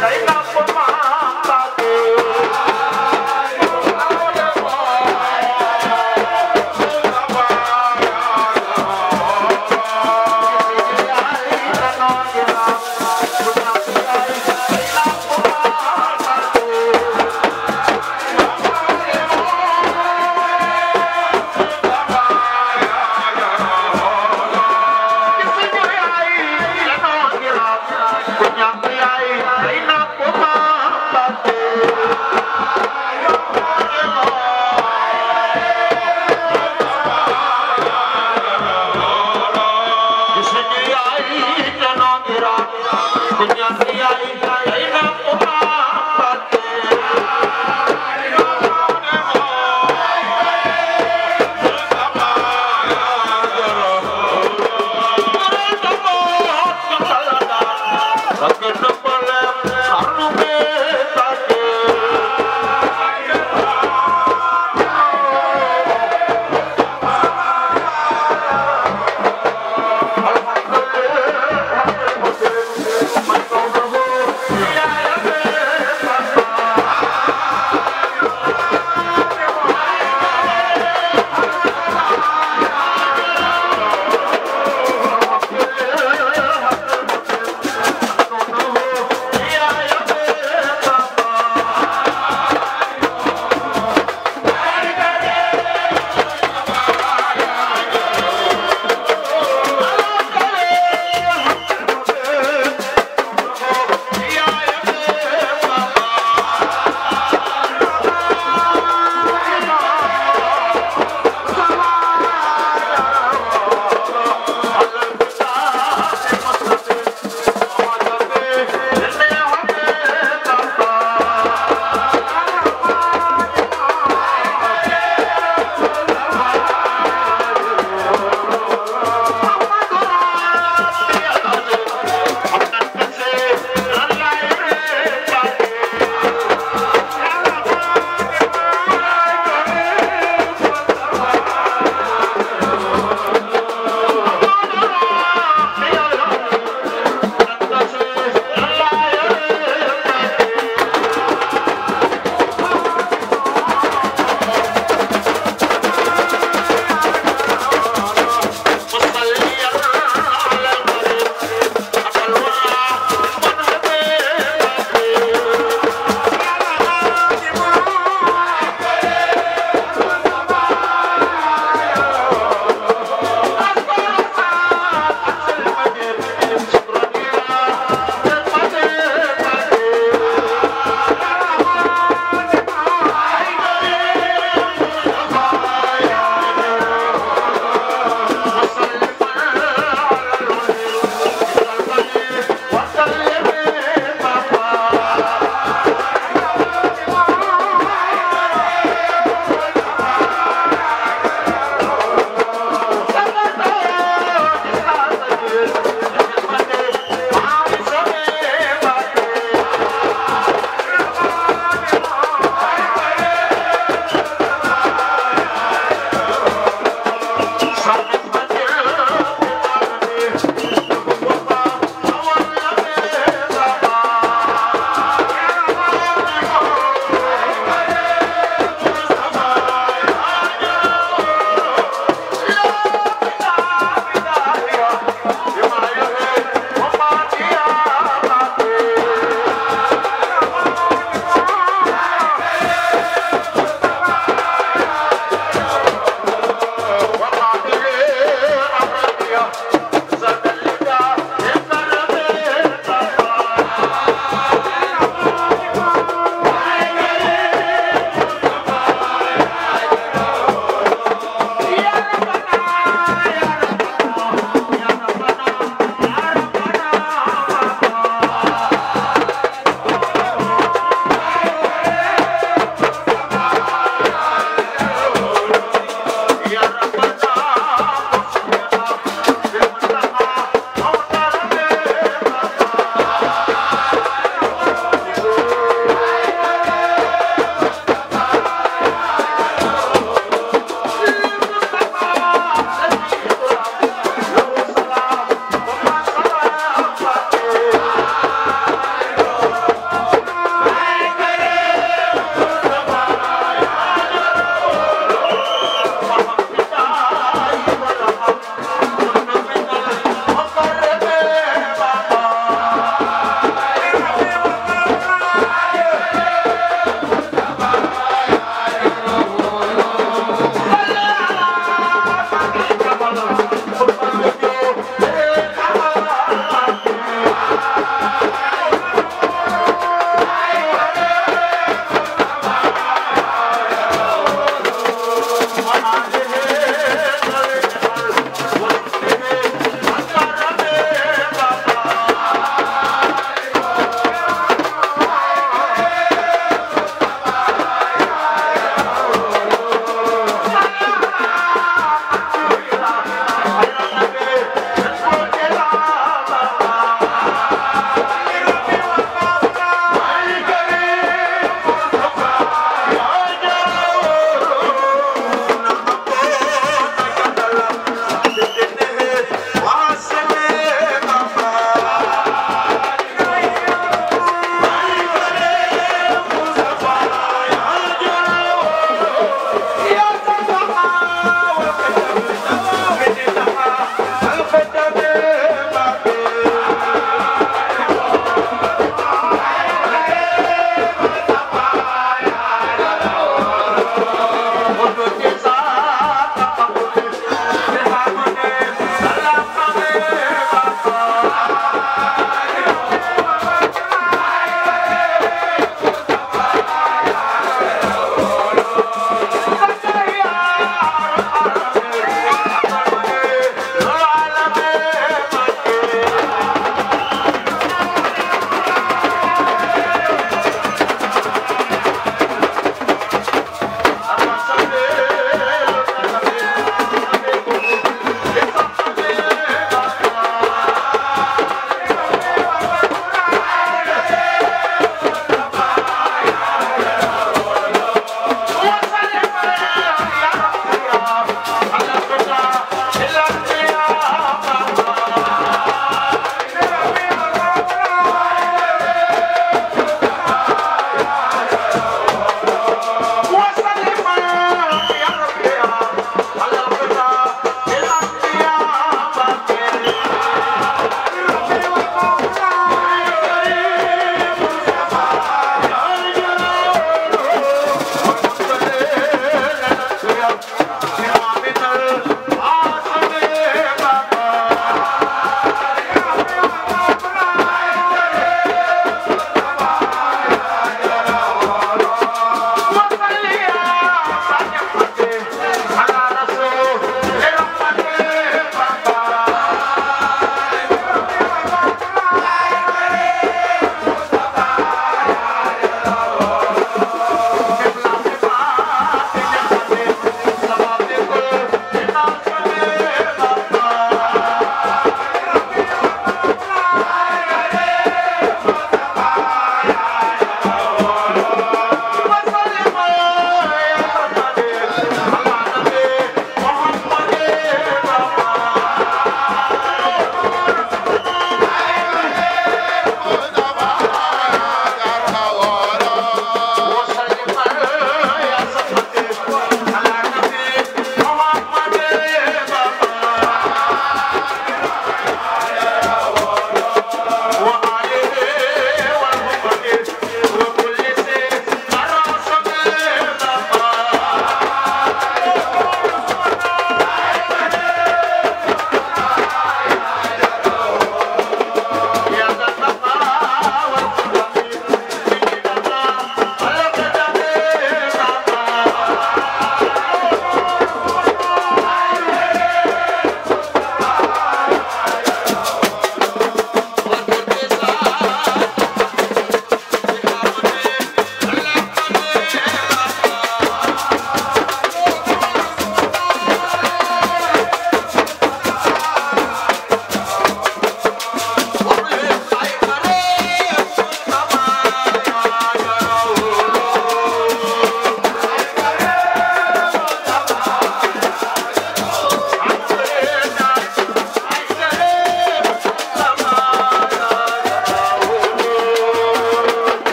Daí dá uma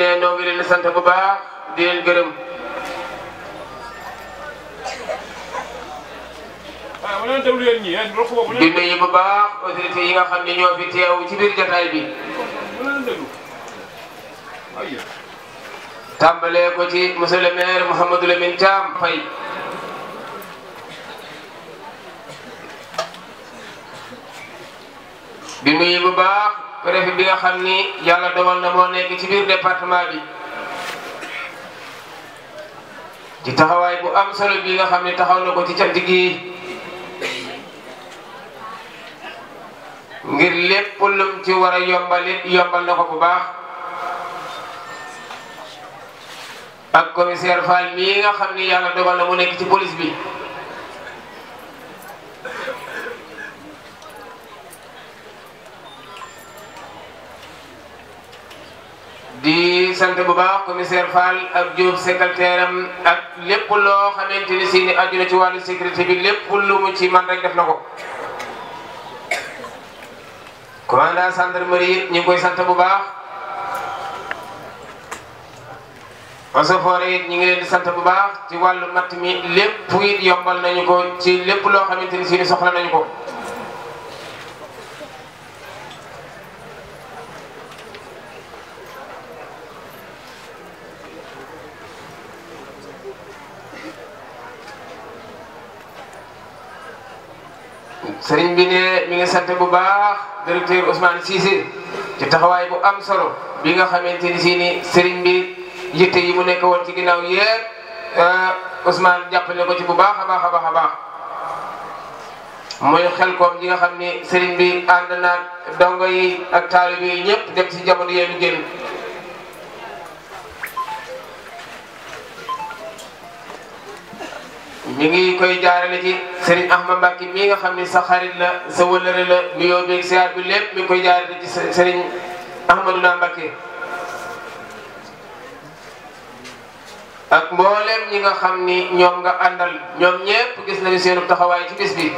ne ñoo ngi leen sant ba baax di leen gërëm. Ah, di nuyu bu baax autorités yi nga xam ne ñoo fi teew ci biir jotaay bi. tàmbalee ko ci monsieur le maire Mouhamadou Lamine Thiam Faye. di baax préfet bi nga xam ni yàlla dogal na moo nekk ci biir département bi di taxawaay bu am solo bi nga xam ne taxaw na ko ci cant gi ngir lépp lum ci war a yombal it yombal na bu baax ak commissaire Fall mii nga xam ni yàlla dogal na mu nekk ci police bi di sant bu baax commissaire Fall ak Diop secrétaire am ak lépp loo xamante ni si ni aju na ci wàllu sécurité bi lépp lu mu ci man rek def na ko. commandant gendarmerie it ñu ngi koy sant bu baax. Eaux Forêts it ñu ngi leen di sant bu baax ci wàllu matt mi lépp it yombal nañu ko ci lépp loo xamante ni si ni soxla nañu ko. sëriñ bi ne mi ngi sant bu baax directeur Ousmane Cissé ci taxawaay bu am solo bi nga xamante ni si ni sëriñ bi yitte yi mu nekk woon ci ginnaaw yépp euh, Ousmane jàppale ko ci bu baax a baax a baax a mooy xel koom gi nga xam ni sëriñ bi ànd naag dongo yi ak taalibe yi ñëpp dem si jamono yee ñu ñu ngi koy jaarale ci Serigne Ahmad Mbacke mii nga xam ni sa xarit la sa wëllëre la nuyoo beeg siyaar bi lépp mi koy jaarale ci Serigne Ahmadouna Mbacke. ak mboolem ñi nga xam ni ñoom nga àndal ñoom ñépp gis nañu seenu taxawaay ci bis bi.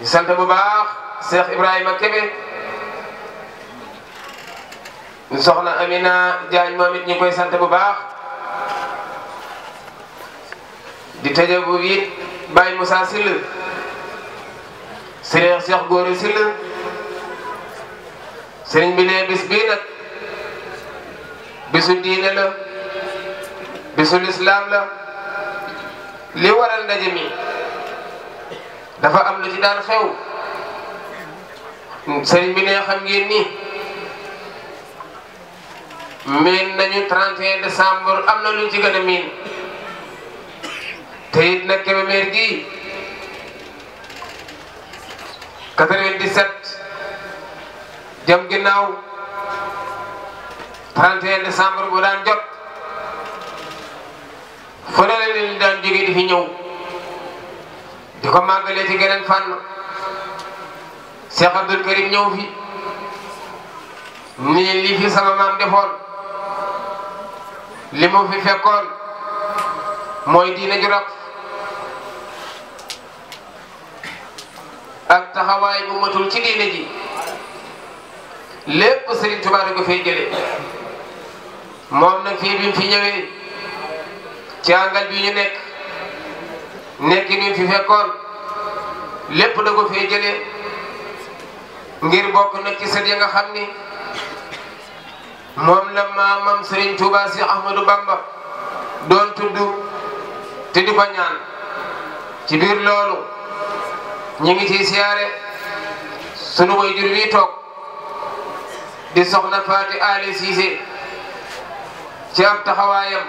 di sant bu baax Cheikh Ibrahima Kébé. soxna Amina Diagne moom it koy sant bu baax. di tëjëbu it Baye Moussa Sylla Serigne Cheikh Gora Sylla sëriñ bi ne bis bii nag bisu diine la bisu lislaam la li waral ndaje mi dafa am lu ci daan xew sëriñ bi ne xam ngeen ni miin nañu 31 décembre am na lu ci na a miin te it nag Kébémer gi 97 jëm ginnaaw 31 décembre bu daan jot fu ne la leen daan jóge di fi ñëw di ko màggalee ci geneen fànn Cheikh Abdoul Karim ñëw fi nii lii fi sama maam defoon li fi fekkoon mooy diine ju rab ak taxawaay bu matul ci diine ji lépp Serigne Touba di ko fay jëlee moom nag fii bi fi ñëwee ci àngal bi ñu nekk nekki ni fi fekkoon lépp da ko fay jëlee ngir bokk nag ci sët ya nga xam ni moom la maamam Serigne Touba si Ahmadou Bamba doon tudd te di ko ci biir loolu. ñu ngi ciy siyaare sunu waajur wi toog di soxna Faati Ali Cissé ci ab taxawaayam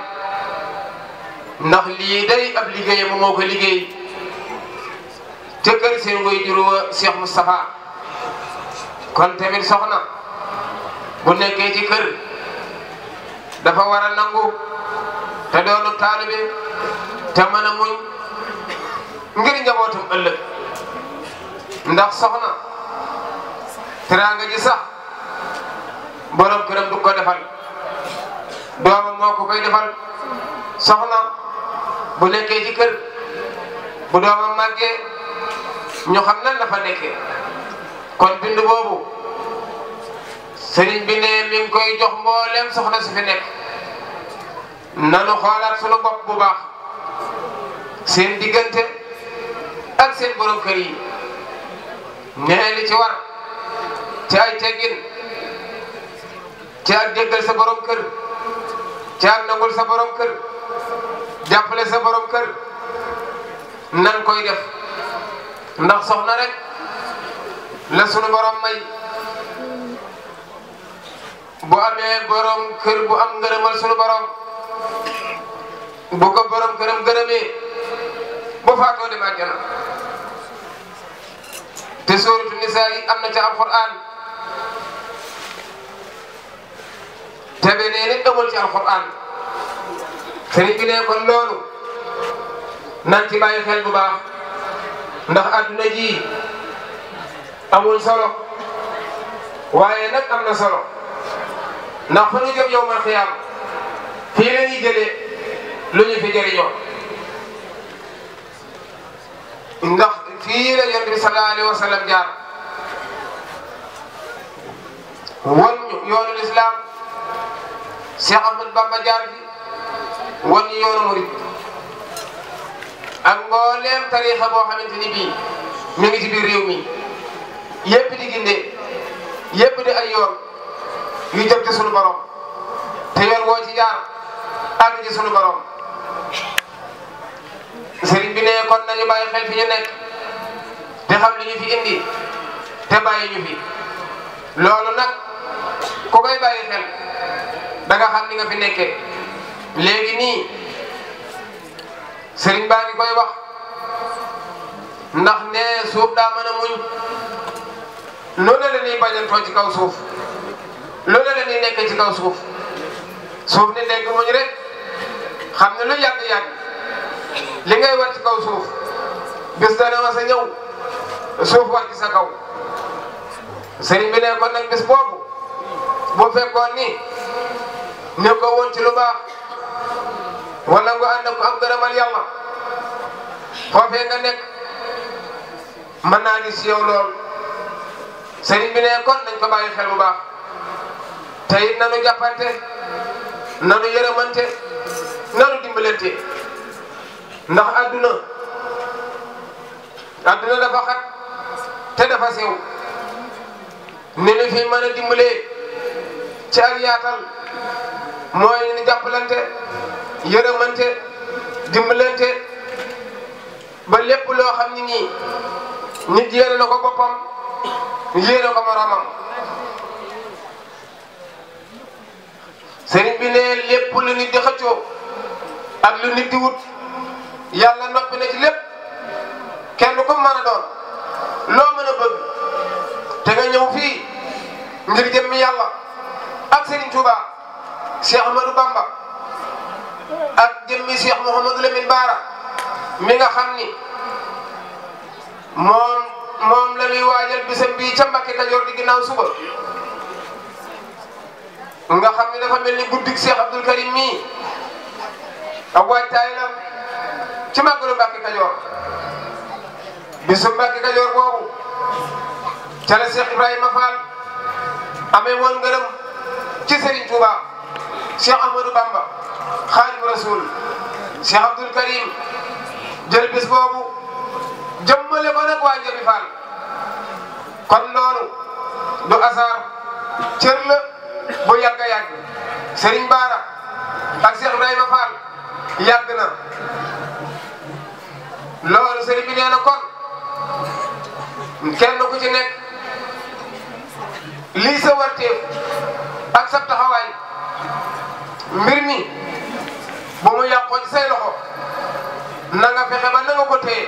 ndax lii day ab liggéeyam moo ko liggéey te kër seen waajur wa Cheikh Moustapha kon tamit soxna bu nekkee ci kër dafa war a nangu te doonu taalibe te mën a muñ ngir njabootam ëllëg ndax soxna teraanga ji sax borom këram du ko defal doomam moo ko koy defal soxna bu nekkee ci bu doomam màggee ñu xam nan dafa fa kon bind boobu sëriñ bi ne mi koy jox mboolem soxna su fi nekk nanu xoolaat sunu bopp bu baax seen diggante ak seen borom kër yi nee li ci war ci ay teggin ci ak déggal sa borom kër ci ak nangul sa borom kër jàppale sa borom kër nan koy def ndax soxna rek la sunu borom may bu amee borom kër bu am ngërëmal sunu borom bu ko borom këram gërëmee bu faatoo dem àjjana تسورة النساء أمنة القرآن تبيني نقبل القرآن فريقنا يكون لون ننتي ما يخل ببا نخ أدنجي أمون صلو وينك أمن صلو نخفني جم يوم الخيام في لني جلي لني في جريو نخ fii la yonent bi sallallahu alayhi wa sallam jaar wan ñu yoonu lislaam Cheikh Ahmad Bamba jaar fi wan ñu yoonu murid ak mbooleem tariixa boo xamante ni bii mi ngi ci biir réew mi yépp di ginde yépp di ay yoon yu jëm ci sunu borom te yoon woo ci jaar àgg ci sunu borom sëriñ bi ne kon nañu bàyyi xel fi ñu nekk. di xam li ñu fi indi te bàyyi ñu fi loolu nag ku koy bàyyi xel da nga xam ni nga fi nekkee léegi nii sëriñ baa ngi koy wax ndax ne suuf daa mën a muñ loolu la ñuy bañantoo ci kaw suuf loolu la ñuy nekk ci kaw suuf suuf ni nekk muñ rek xam ne lu yàgg-yàgg li ngay war ci kaw suuf gis dana ma sa ñëw suuf war ci sa kaw sëriñ bi ne ko nag bis boobu bu fekkoon ni ne ko woon ci lu baax wala nga ànd ko am gërëmal yàlla foofee nga nekk mën naa gis yow lool sëriñ bi ne kon nañ ko bàyyi xel bu baax te it nanu jàppante nanu yërëmante nanu dimbalante ndax adduna adduna dafa xat te dafa sew ni ñu fi mën a dimbalee ci ak yaatal mooy ni jàppalante yërëmante dimbalante ba lépp loo xam ni nii nit yéene na ko boppam yéene ko moroomam sëriñ bi ne lépp lu nit di xëccoo nit wut yàlla noppi na lépp kenn ku mën a doon loo mën a bëgg te nga ñëw fii ngir jëmmi yàlla ak Serigne Touba Cheikh Amadou Bamba ak jëmmi Cheikh Mouhamadou Lamine Baara mi nga xam ni moom moom la ñuy waajal bisam bii ca Mbacke Kajoor di ginnaaw suba. nga xam ne dafa mel ni guddik Cheikh Abdoul Karim mii ak waajtaay la ci màggalu Mbacke Kajoor. bisu Mbàkke Kajoor boobu ca la Cheikh Ibrahima Fall amee woon ngërëm ci Serigne Touba Cheikh Ahmadou Bamba Xaadimu Rasuul Cheikh Abdoul Karim jël bis boobu jëmmale ko nag waa Njabi Fall kon loolu du asaar cër la bu yàgg a yàgg Serigne Bara ak Cheikh Ibrahima Fall yàgg na loolu Serigne bi nee na kon. kenn ku ci nekk lii sa warteef ak sa taxawaay mbir mi bu mu yàqoo ci say loxo na nga fexe ba na ko téye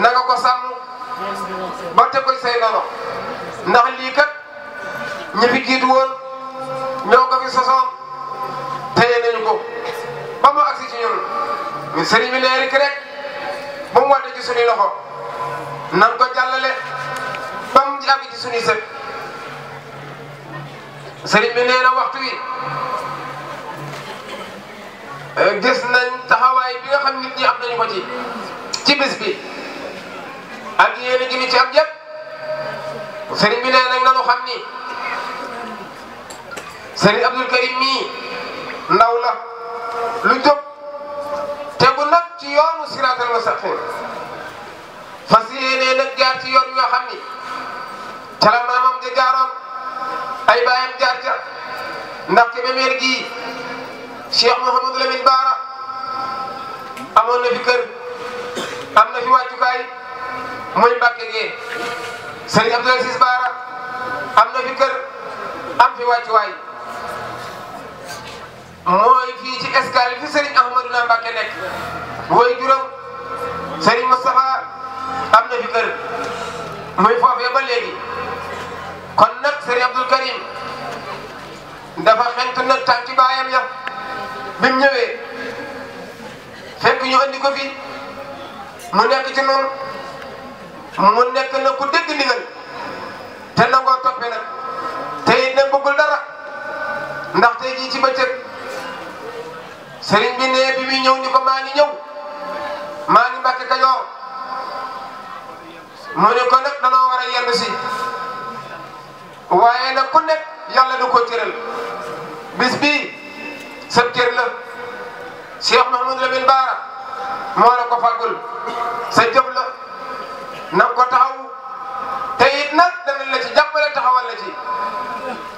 na ko sàmm ba te ko say nano ndax lii kat ñi fi jiitu woon ñoo ko fi sosoon téye nañu ko ba mu agsi ci ñun ñu sëriñ bi leeri ki rek ba mu wàtte ci loxo nan ko jàllale ba mu jàpp ci suñuy sët sëriñ bi nee na waxtu wi eh, gis nañ taxawaay bi nga xam nit ñi am nañu ko ci ci bis bi ak yéen gi ñu ci am yëpp sëriñ bi nee nañ xam ni sëriñ Abdul Karim mii ndaw la lu jóg tegu nag ci yoonu siraatal mustaqim fas yéenee nag jaar ci yoon yoo xam ni ca la maamam ja jaaroon ay baayam jaar ca ndax ci memeer gii Cheikh Mouhamadou Baara amoon na fi kër am na fi wàccukaay gee Sëriñ Abdoulaye Sis Baara am na fi kër am fi wàccuwaay fii ci escale fi Sëriñ Ahmadou Mbàkke nekk mooy juróom Sëriñ Moustapha am na fi kër muy foofee ba léegi kon nag sëriñ Abdul Karim dafa xentu na tànki baayam ya bi ñëwee fekk ñu andi ko fi mu nekk ci noonu mu nekk na ku dégg ndigal te nangoo toppee nag te it ne bëggul dara ndax tey jii ci bëccëg sëriñ bi ne bi muy ñëw ni ko maa ngi ñëw moo ne ko nag danoo war a yendu si waaye nag ku nekk yàlla du ko cëral bis bii sab cër la Cheikh Mouhamadou Lamine Bara moo la ko fàggul sa jëf la na ko taxaw te it nag danañ la ci jàppale taxawal la ci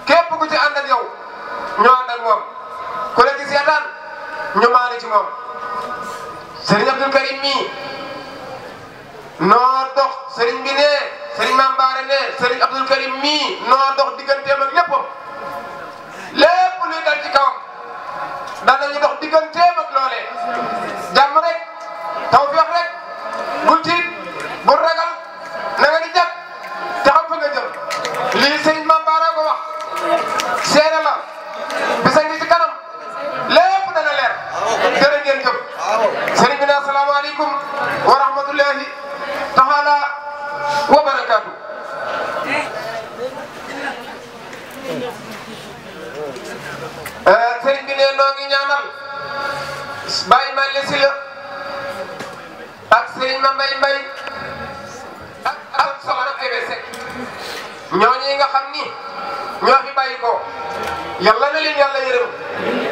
képp ku ci ànd ak yow ñoo ànd ak ku la gis yataan ñu maale ci moom Serigne Abdoul Karim mii noo dox sëriñ bi ne sëriñ Mame Bara ne sëriñ Abdou Karim mii noo dox digganteem ak léppam lépp luy dal ci kawam danañu dox digganteem ak loolee jàmm rek tawfeex rek bul tiit bul ragal na nga di jàpp te xam fa nga jëm lii sëriñ Mame Bara ko wax seere la bisa ngi ci kanam lépp dana leer jërë ngeen jëf sëriñ bi ne asalaamaaleykum wa rahmatullahi taala wa barakaatu eh, sëriñ bi ne noo ngi ñaanal bàyyi ma lisi la ak sëriñ ma mbay mbay ak ak soxna Kébé Seck ñooñu nga xam ni ñoo fi bàyyi ko yàlla na leen yàlla yërëm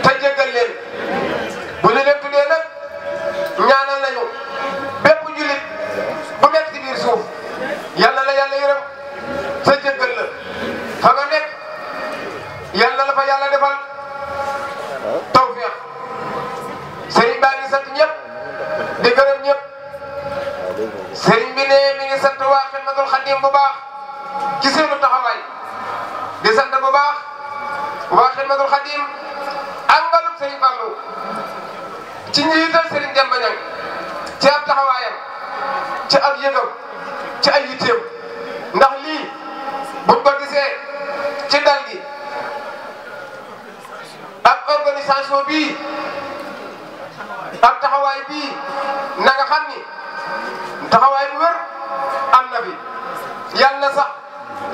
te jégal yàlla la fa yàlla defal tawfeex sëriñ baa ngi sant ñëpp di gërëm ñëpp sëriñ bi ne mi ngi sant waa Xidmatul Xadim bu baax ci seenu taxawaay di sant bu baax waa Xidmatul Xadim àngalub sëriñ Fallou ci njiital sëriñ Demba Ñang ci ab taxawaayam ci ab yëgam ci ay yitteem ndax lii buñ ko gisee ak organisation bii ak taxawaay bii na nga xam ni taxawaay bu wér am na fi yal na sax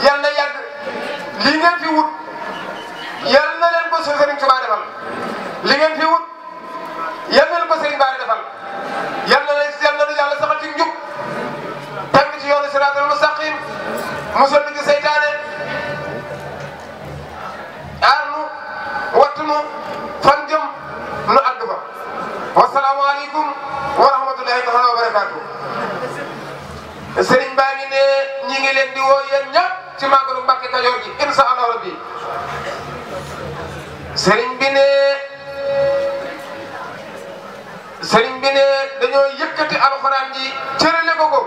yal na yàgg li ngeen fi wut yal na leen ko Serigne Touba defal li ngeen fi wut yal na leen ko Serigne Bara defal yal na leen yal na yàlla saxal ci njub teg ci yoonu siraatal mustaqim musal ci say mu fan jëm nu àgg fa wasalaamaaleykum wa rahmatulahi taala wa barakaatu sëriñ baa ngi ne ñi ngi leen di woo yéen ñëpp ci màggalu Mbàkke Kajoor gi insha allah rabbi sëriñ bi ne sëriñ bi ne dañoo yëkkati alxuraan ji cërale ko ko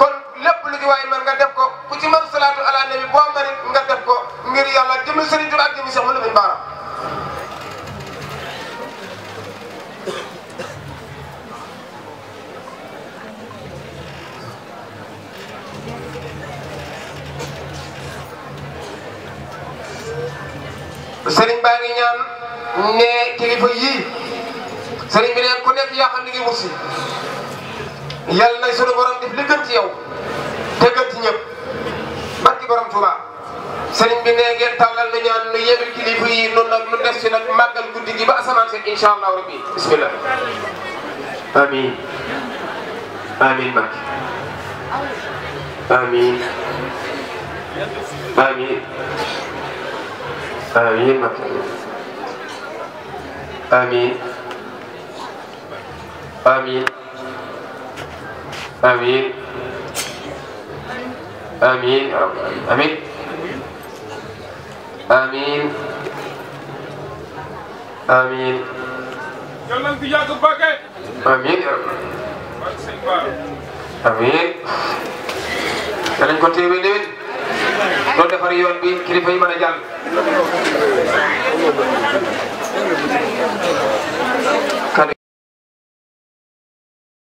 kon lépp lu ci waaye man nga def ko ku ci man salaatu ala nabi boo mënit nga def ko ngir yàlla jëmi sëriñ Tuubaa ak jëmi Seex Muhamadu Bamba sëriñ baa ngi ñaan ne kilifa yii sëriñ bi neen ku nekk yaa xam ni ngi wut si yàlla na sunu borom def li gën ci yow te gën ci ñëpp barki borom Tuubaa sëriñ bi ne ngeen tàllal nu ñaan nu yebbi yi noonu nag nu def si nag màggal guddi gi ba asamaan seen incha allahu rabbi bismillah amin amin Mbacke amin amin amiin Mbacke amiin amiin amiin amiin amiin amiin amiin amiin amiin danañ ko téeméer déwén loolu defar yoon bi kilifa yi mën a jàll. kan